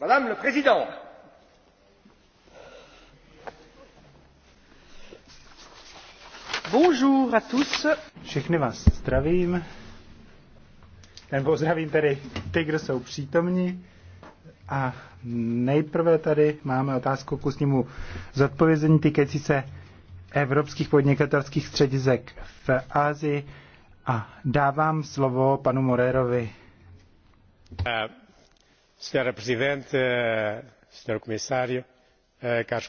Madame le Président. Bonjour à tous. Všechny vás zdravím. Nebo zdravím tedy ty, kdo jsou přítomní. A nejprve tady máme otázku k ústnímu zodpovězení týkající se evropských podnikatelských středisek v Ázii. A dávám slovo panu Morérovi. Uh, senhora presidente eh, senhor comissário eh, caros colegas